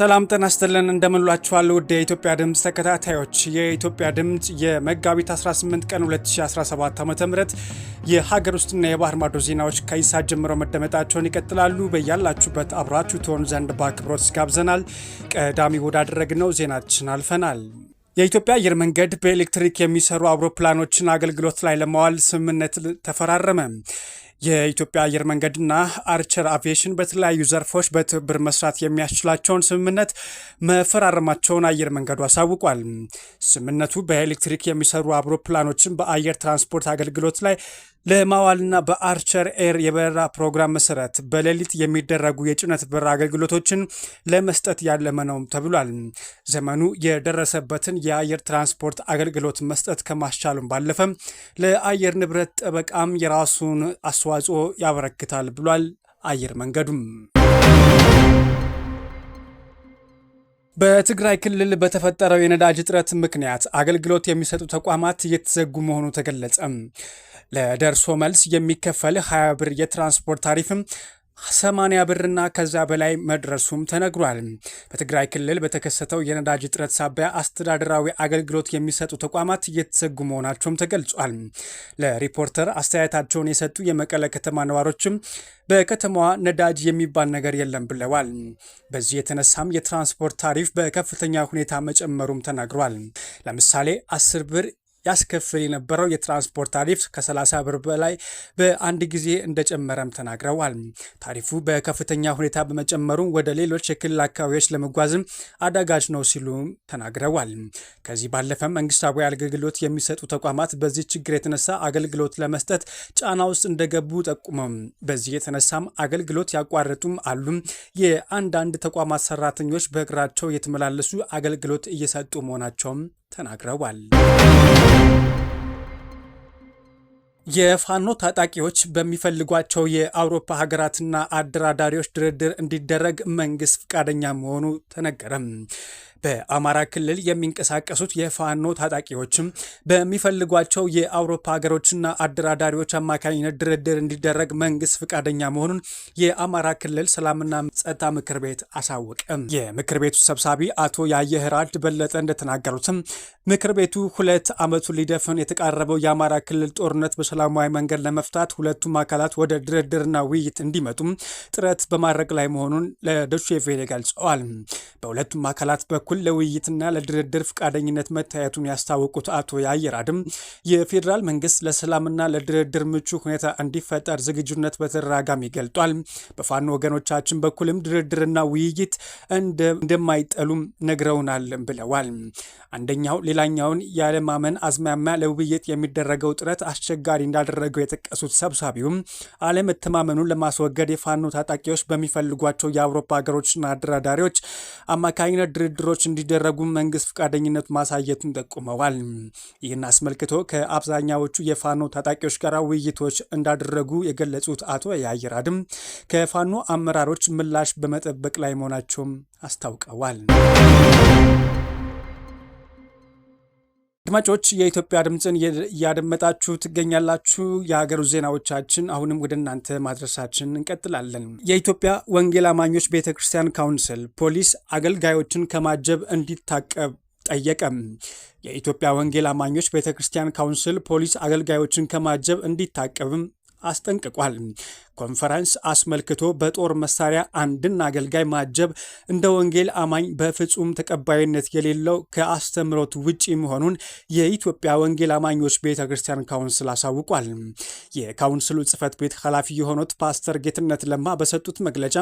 ሰላም ጤና ይስጥልን እንደምንሏችኋል ውድ የኢትዮጵያ ድምፅ ተከታታዮች የኢትዮጵያ ድምፅ የመጋቢት 18 ቀን 2017 ዓ ም የሀገር ውስጥና የባህር ማዶ ዜናዎች ከይሳ ጀምሮ መደመጣቸውን ይቀጥላሉ። በያላችሁበት አብራችሁ ትሆኑ ዘንድ በአክብሮት ጋብዘናል። ቀዳሚ ወዳደረግነው ዜናችን አልፈናል። የኢትዮጵያ አየር መንገድ በኤሌክትሪክ የሚሰሩ አውሮፕላኖችን አገልግሎት ላይ ለማዋል ስምምነት ተፈራረመ። የኢትዮጵያ አየር መንገድና አርቸር አቪዬሽን በተለያዩ ዘርፎች በትብብር መስራት የሚያስችላቸውን ስምምነት መፈራረማቸውን አየር መንገዱ አሳውቋል። ስምምነቱ በኤሌክትሪክ የሚሰሩ አውሮፕላኖችን በአየር ትራንስፖርት አገልግሎት ላይ ለማዋልና በአርቸር ኤር የበረራ ፕሮግራም መሰረት በሌሊት የሚደረጉ የጭነት በረራ አገልግሎቶችን ለመስጠት ያለመ ነውም ተብሏል። ዘመኑ የደረሰበትን የአየር ትራንስፖርት አገልግሎት መስጠት ከማስቻሉም ባለፈም ለአየር ንብረት ጠበቃም የራሱን አስ አስተዋጽኦ ያበረክታል ብሏል። አየር መንገዱም በትግራይ ክልል በተፈጠረው የነዳጅ እጥረት ምክንያት አገልግሎት የሚሰጡ ተቋማት እየተዘጉ መሆኑ ተገለጸ። ለደርሶ መልስ የሚከፈል 20 ብር የትራንስፖርት ታሪፍም 80 ብርና ከዛ በላይ መድረሱም ተነግሯል። በትግራይ ክልል በተከሰተው የነዳጅ እጥረት ሳቢያ አስተዳደራዊ አገልግሎት የሚሰጡ ተቋማት እየተዘጉ መሆናቸውም ተገልጿል። ለሪፖርተር አስተያየታቸውን የሰጡ የመቀለ ከተማ ነዋሪዎችም በከተማዋ ነዳጅ የሚባል ነገር የለም ብለዋል። በዚህ የተነሳም የትራንስፖርት ታሪፍ በከፍተኛ ሁኔታ መጨመሩም ተናግሯል። ለምሳሌ 10 ብር ያስከፍል የነበረው የትራንስፖርት ታሪፍ ከ30 ብር በላይ በአንድ ጊዜ እንደጨመረም ተናግረዋል። ታሪፉ በከፍተኛ ሁኔታ በመጨመሩ ወደ ሌሎች የክልል አካባቢዎች ለመጓዝም አዳጋች ነው ሲሉ ተናግረዋል። ከዚህ ባለፈም መንግስታዊ አገልግሎት የሚሰጡ ተቋማት በዚህ ችግር የተነሳ አገልግሎት ለመስጠት ጫና ውስጥ እንደገቡ ጠቁመው በዚህ የተነሳም አገልግሎት ያቋረጡም አሉም። የአንዳንድ ተቋማት ሰራተኞች በእግራቸው የተመላለሱ አገልግሎት እየሰጡ መሆናቸውም ተናግረዋል። የፋኖ ታጣቂዎች በሚፈልጓቸው የአውሮፓ ሀገራትና አደራዳሪዎች ድርድር እንዲደረግ መንግስት ፈቃደኛ መሆኑ ተነገረም። በአማራ ክልል የሚንቀሳቀሱት የፋኖ ታጣቂዎችም በሚፈልጓቸው የአውሮፓ ሀገሮችና አደራዳሪዎች አማካኝነት ድርድር እንዲደረግ መንግስት ፈቃደኛ መሆኑን የአማራ ክልል ሰላምና ጸጥታ ምክር ቤት አሳወቀም። የምክር ቤቱ ሰብሳቢ አቶ ያየህራድ በለጠ እንደተናገሩትም ምክር ቤቱ ሁለት ዓመቱን ሊደፍን የተቃረበው የአማራ ክልል ጦርነት በሰላማዊ መንገድ ለመፍታት ሁለቱም አካላት ወደ ድርድርና ውይይት እንዲመጡም ጥረት በማድረግ ላይ መሆኑን ለዶቼ ቬለ ገልጸዋል። በሁለቱም አካላት በኩል በኩል ለውይይትና ለድርድር ፈቃደኝነት መታየቱን ያስታወቁት አቶ የአየር አድም የፌዴራል መንግስት ለሰላምና ለድርድር ምቹ ሁኔታ እንዲፈጠር ዝግጁነት በተደጋጋሚ ገልጧል። በፋኖ ወገኖቻችን በኩልም ድርድርና ውይይት እንደማይጠሉም ነግረውናል ብለዋል። አንደኛው ሌላኛውን ያለማመን አዝማሚያ ለውይይት የሚደረገው ጥረት አስቸጋሪ እንዳደረገው የጠቀሱት ሰብሳቢውም አለመተማመኑን ለማስወገድ የፋኖ ታጣቂዎች በሚፈልጓቸው የአውሮፓ ሀገሮችና አደራዳሪዎች አማካኝነት ድርድሮች ጥናቶች እንዲደረጉ መንግስት ፈቃደኝነት ማሳየቱን ጠቁመዋል። ይህን አስመልክቶ ከአብዛኛዎቹ የፋኖ ታጣቂዎች ጋር ውይይቶች እንዳደረጉ የገለጹት አቶ የአየር አድም ከፋኖ አመራሮች ምላሽ በመጠበቅ ላይ መሆናቸውም አስታውቀዋል። አድማጮች የኢትዮጵያ ድምፅን እያደመጣችሁ ትገኛላችሁ። የሀገሩ ዜናዎቻችን አሁንም ወደ እናንተ ማድረሳችን እንቀጥላለን። የኢትዮጵያ ወንጌል አማኞች ቤተ ክርስቲያን ካውንስል ፖሊስ አገልጋዮችን ከማጀብ እንዲታቀብ ጠየቀም። የኢትዮጵያ ወንጌል አማኞች ቤተ ክርስቲያን ካውንስል ፖሊስ አገልጋዮችን ከማጀብ እንዲታቀብም አስጠንቅቋል። ኮንፈረንስ አስመልክቶ በጦር መሳሪያ አንድን አገልጋይ ማጀብ እንደ ወንጌል አማኝ በፍጹም ተቀባይነት የሌለው ከአስተምሮት ውጪ መሆኑን የኢትዮጵያ ወንጌል አማኞች ቤተ ክርስቲያን ካውንስል አሳውቋል። የካውንስሉ ጽህፈት ቤት ኃላፊ የሆኑት ፓስተር ጌትነት ለማ በሰጡት መግለጫ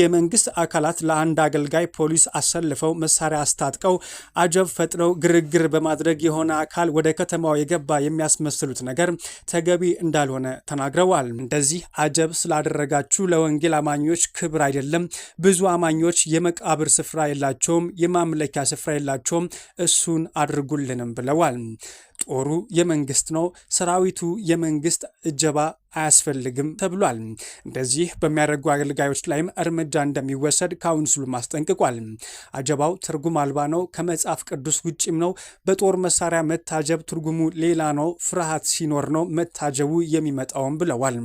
የመንግስት አካላት ለአንድ አገልጋይ ፖሊስ አሰልፈው መሳሪያ አስታጥቀው አጀብ ፈጥረው ግርግር በማድረግ የሆነ አካል ወደ ከተማው የገባ የሚያስመስሉት ነገር ተገቢ እንዳልሆነ ተናግረዋል። እንደዚህ አጀብ ገንዘብ ስላደረጋችሁ ለወንጌል አማኞች ክብር አይደለም። ብዙ አማኞች የመቃብር ስፍራ የላቸውም፣ የማምለኪያ ስፍራ የላቸውም። እሱን አድርጉልንም ብለዋል። ጦሩ የመንግስት ነው፣ ሰራዊቱ የመንግስት እጀባ አያስፈልግም ተብሏል። እንደዚህ በሚያደርጉ አገልጋዮች ላይም እርምጃ እንደሚወሰድ ካውንስሉ አስጠንቅቋል። አጀባው ትርጉም አልባ ነው፣ ከመጽሐፍ ቅዱስ ውጭም ነው። በጦር መሳሪያ መታጀብ ትርጉሙ ሌላ ነው። ፍርሃት ሲኖር ነው መታጀቡ የሚመጣውም ብለዋል።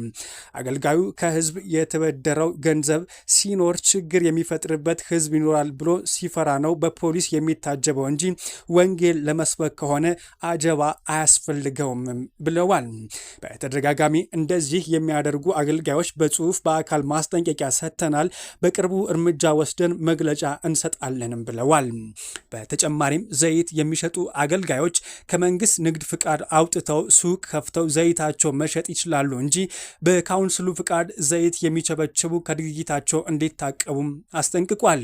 አገልጋዩ ከህዝብ የተበደረው ገንዘብ ሲኖር ችግር የሚፈጥርበት ህዝብ ይኖራል ብሎ ሲፈራ ነው በፖሊስ የሚታጀበው እንጂ ወንጌል ለመስበክ ከሆነ አጀባ አያስፈልገውም ብለዋል። በተደጋጋሚ እንደ እንደዚህ የሚያደርጉ አገልጋዮች በጽሁፍ በአካል ማስጠንቀቂያ ሰጥተናል፣ በቅርቡ እርምጃ ወስደን መግለጫ እንሰጣለንም ብለዋል። በተጨማሪም ዘይት የሚሸጡ አገልጋዮች ከመንግስት ንግድ ፍቃድ አውጥተው ሱቅ ከፍተው ዘይታቸው መሸጥ ይችላሉ እንጂ በካውንስሉ ፍቃድ ዘይት የሚቸበችቡ ከድርጊታቸው እንዲታቀቡም አስጠንቅቋል።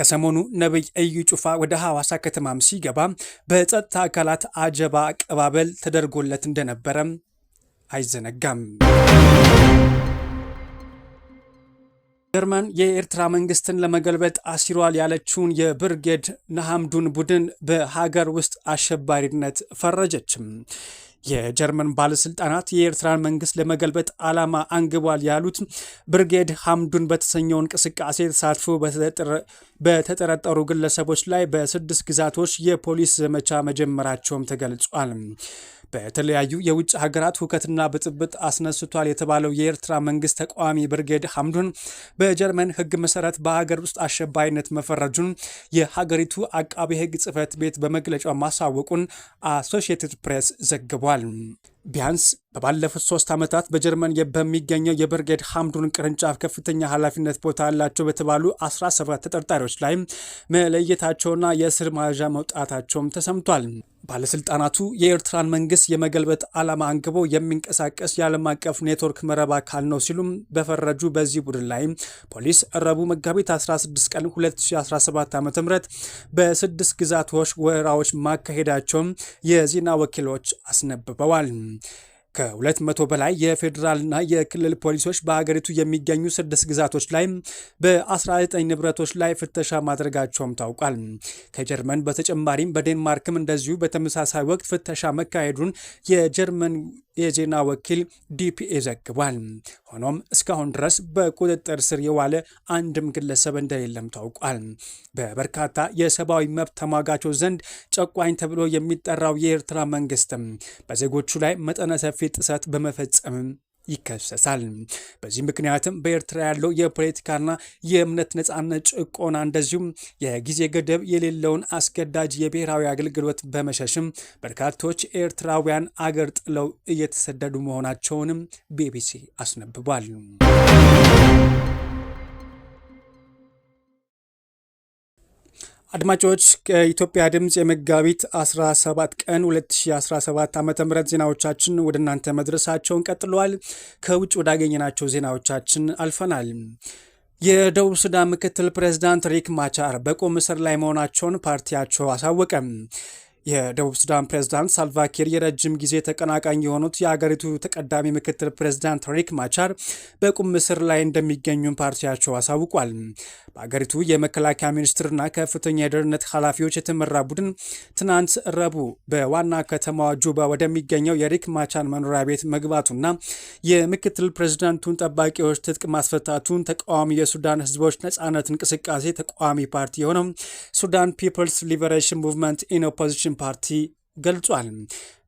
ከሰሞኑ ነቢይ እዩ ጩፋ ወደ ሐዋሳ ከተማም ሲገባ በጸጥታ አካላት አጀባ አቀባበል ተደርጎለት እንደነበረም አይዘነጋም። ጀርመን የኤርትራ መንግስትን ለመገልበጥ አሲሯል ያለችውን የብርጌድ ነሐምዱን ቡድን በሀገር ውስጥ አሸባሪነት ፈረጀችም። የጀርመን ባለስልጣናት የኤርትራን መንግስት ለመገልበጥ ዓላማ አንግቧል ያሉት ብርጌድ ሐምዱን በተሰኘው እንቅስቃሴ ተሳትፎ በተጠረጠሩ ግለሰቦች ላይ በስድስት ግዛቶች የፖሊስ ዘመቻ መጀመራቸውም ተገልጿል። በተለያዩ የውጭ ሀገራት ሁከትና ብጥብጥ አስነስቷል የተባለው የኤርትራ መንግስት ተቃዋሚ ብርጌድ ሐምዱን በጀርመን ሕግ መሰረት በሀገር ውስጥ አሸባሪነት መፈረጁን የሀገሪቱ አቃቤ ሕግ ጽህፈት ቤት በመግለጫው ማሳወቁን አሶሺየትድ ፕሬስ ዘግቧል። ቢያንስ በባለፉት ሶስት ዓመታት በጀርመን በሚገኘው የብርጌድ ሐምዱን ቅርንጫፍ ከፍተኛ ኃላፊነት ቦታ ያላቸው በተባሉ 17 ተጠርጣሪዎች ላይ መለየታቸውና የእስር መያዣ መውጣታቸውም ተሰምቷል። ባለስልጣናቱ የኤርትራን መንግስት የመገልበጥ ዓላማ አንግቦ የሚንቀሳቀስ የዓለም አቀፍ ኔትወርክ መረብ አካል ነው ሲሉም በፈረጁ በዚህ ቡድን ላይ ፖሊስ ረቡዕ መጋቢት 16 ቀን 2017 ዓ ም በስድስት ግዛቶች ወራዎች ማካሄዳቸውም የዜና ወኪሎች አስነብበዋል። ከሁለት መቶ በላይ የፌዴራልና የክልል ፖሊሶች በሀገሪቱ የሚገኙ ስድስት ግዛቶች ላይ በ19 ንብረቶች ላይ ፍተሻ ማድረጋቸውም ታውቋል። ከጀርመን በተጨማሪም በዴንማርክም እንደዚሁ በተመሳሳይ ወቅት ፍተሻ መካሄዱን የጀርመን የዜና ወኪል ዲፒኤ ዘግቧል። ሆኖም እስካሁን ድረስ በቁጥጥር ስር የዋለ አንድም ግለሰብ እንደሌለም ታውቋል። በበርካታ የሰብአዊ መብት ተሟጋቾች ዘንድ ጨቋኝ ተብሎ የሚጠራው የኤርትራ መንግስትም በዜጎቹ ላይ መጠነ ሰፊ ጥሰት በመፈጸምም ይከሰሳል። በዚህ ምክንያትም በኤርትራ ያለው የፖለቲካና የእምነት ነጻነት ጭቆና፣ እንደዚሁም የጊዜ ገደብ የሌለውን አስገዳጅ የብሔራዊ አገልግሎት በመሸሽም በርካቶች ኤርትራውያን አገር ጥለው እየተሰደዱ መሆናቸውንም ቢቢሲ አስነብቧል። አድማጮች ከኢትዮጵያ ድምፅ የመጋቢት 17 ቀን 2017 ዓ ም ዜናዎቻችን ወደ እናንተ መድረሳቸውን ቀጥለዋል። ከውጭ ወዳገኘናቸው ዜናዎቻችን አልፈናል። የደቡብ ሱዳን ምክትል ፕሬዝዳንት ሪክ ማቻር በቁም እስር ላይ መሆናቸውን ፓርቲያቸው አሳወቀም። የደቡብ ሱዳን ፕሬዝዳንት ሳልቫኪር የረጅም ጊዜ ተቀናቃኝ የሆኑት የአገሪቱ ተቀዳሚ ምክትል ፕሬዝዳንት ሪክ ማቻር በቁም እስር ላይ እንደሚገኙም ፓርቲያቸው አሳውቋል። በአገሪቱ የመከላከያ ሚኒስትርና ከፍተኛ የደህንነት ኃላፊዎች የተመራ ቡድን ትናንት ረቡዕ በዋና ከተማዋ ጁባ ወደሚገኘው የሪክ ማቻር መኖሪያ ቤት መግባቱና የምክትል ፕሬዝዳንቱን ጠባቂዎች ትጥቅ ማስፈታቱን ተቃዋሚ የሱዳን ህዝቦች ነጻነት እንቅስቃሴ ተቃዋሚ ፓርቲ የሆነው ሱዳን ፒፕልስ ሊበሬሽን ሙቭመንት ኢን ኦፖዚሽን ዴሞክራሲን ፓርቲ ገልጿል።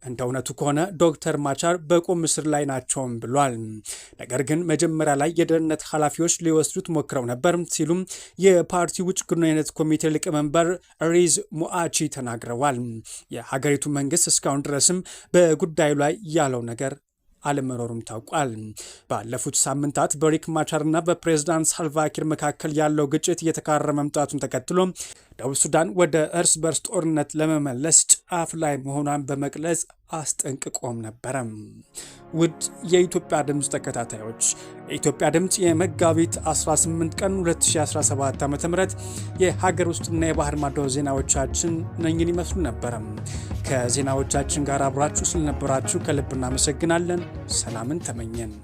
እንደ እውነቱ ከሆነ ዶክተር ማቻር በቁም እስር ላይ ናቸውም ብሏል። ነገር ግን መጀመሪያ ላይ የደህንነት ኃላፊዎች ሊወስዱት ሞክረው ነበር ሲሉም የፓርቲ ውጭ ግንኙነት ኮሚቴ ሊቀመንበር ሪዝ ሙአቺ ተናግረዋል። የሀገሪቱ መንግስት እስካሁን ድረስም በጉዳዩ ላይ ያለው ነገር አለመኖሩም ታውቋል። ባለፉት ሳምንታት በሪክ ማቻርና በፕሬዝዳንት ሳልቫኪር መካከል ያለው ግጭት እየተካረረ መምጣቱን ተከትሎ ደቡብ ሱዳን ወደ እርስ በርስ ጦርነት ለመመለስ ጫፍ ላይ መሆኗን በመግለጽ አስጠንቅቆም ነበረም። ውድ የኢትዮጵያ ድምፅ ተከታታዮች የኢትዮጵያ ድምፅ የመጋቢት 18 ቀን 2017 ዓ ም የሀገር ውስጥና የባህር ማዶ ዜናዎቻችን ነኝን ይመስሉ ነበረም። ከዜናዎቻችን ጋር አብራችሁ ስለነበራችሁ ከልብ እናመሰግናለን። ሰላምን ተመኘን።